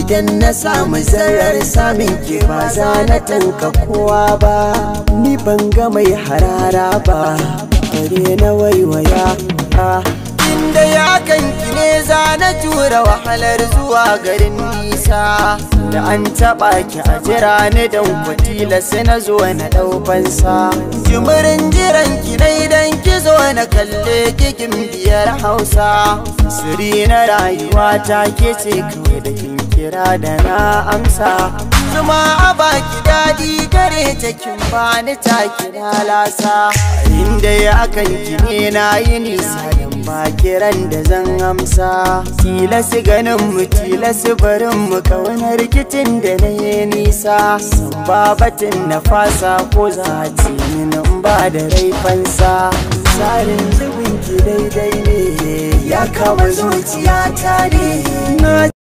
idan na samu zarar samin ke ba za na tanka kowa ba ni ban ga mai harara ba Kare na waiwaya ba inda ya kanki ne za na tura wahalar zuwa garin nisa da an taɓa ki a jira ni don kwatila sai na zo na ɗaufansa jimirin jiran ki na idan ki zo na kalle kikin biyar hausa siri na rayuwa ta ke ce kawai kira da na amsa zuma a baki daɗi gare ta kin bani taki na lasa inda ya akan kine na yi nisa ba kiran da zan amsa tila su ganin mu tila su barin mu rikicin da na yi nisa ba batin na fasa ko za ce nan ba da fansa tsarin zubin ki daidai ne ya kama zuciya ta ne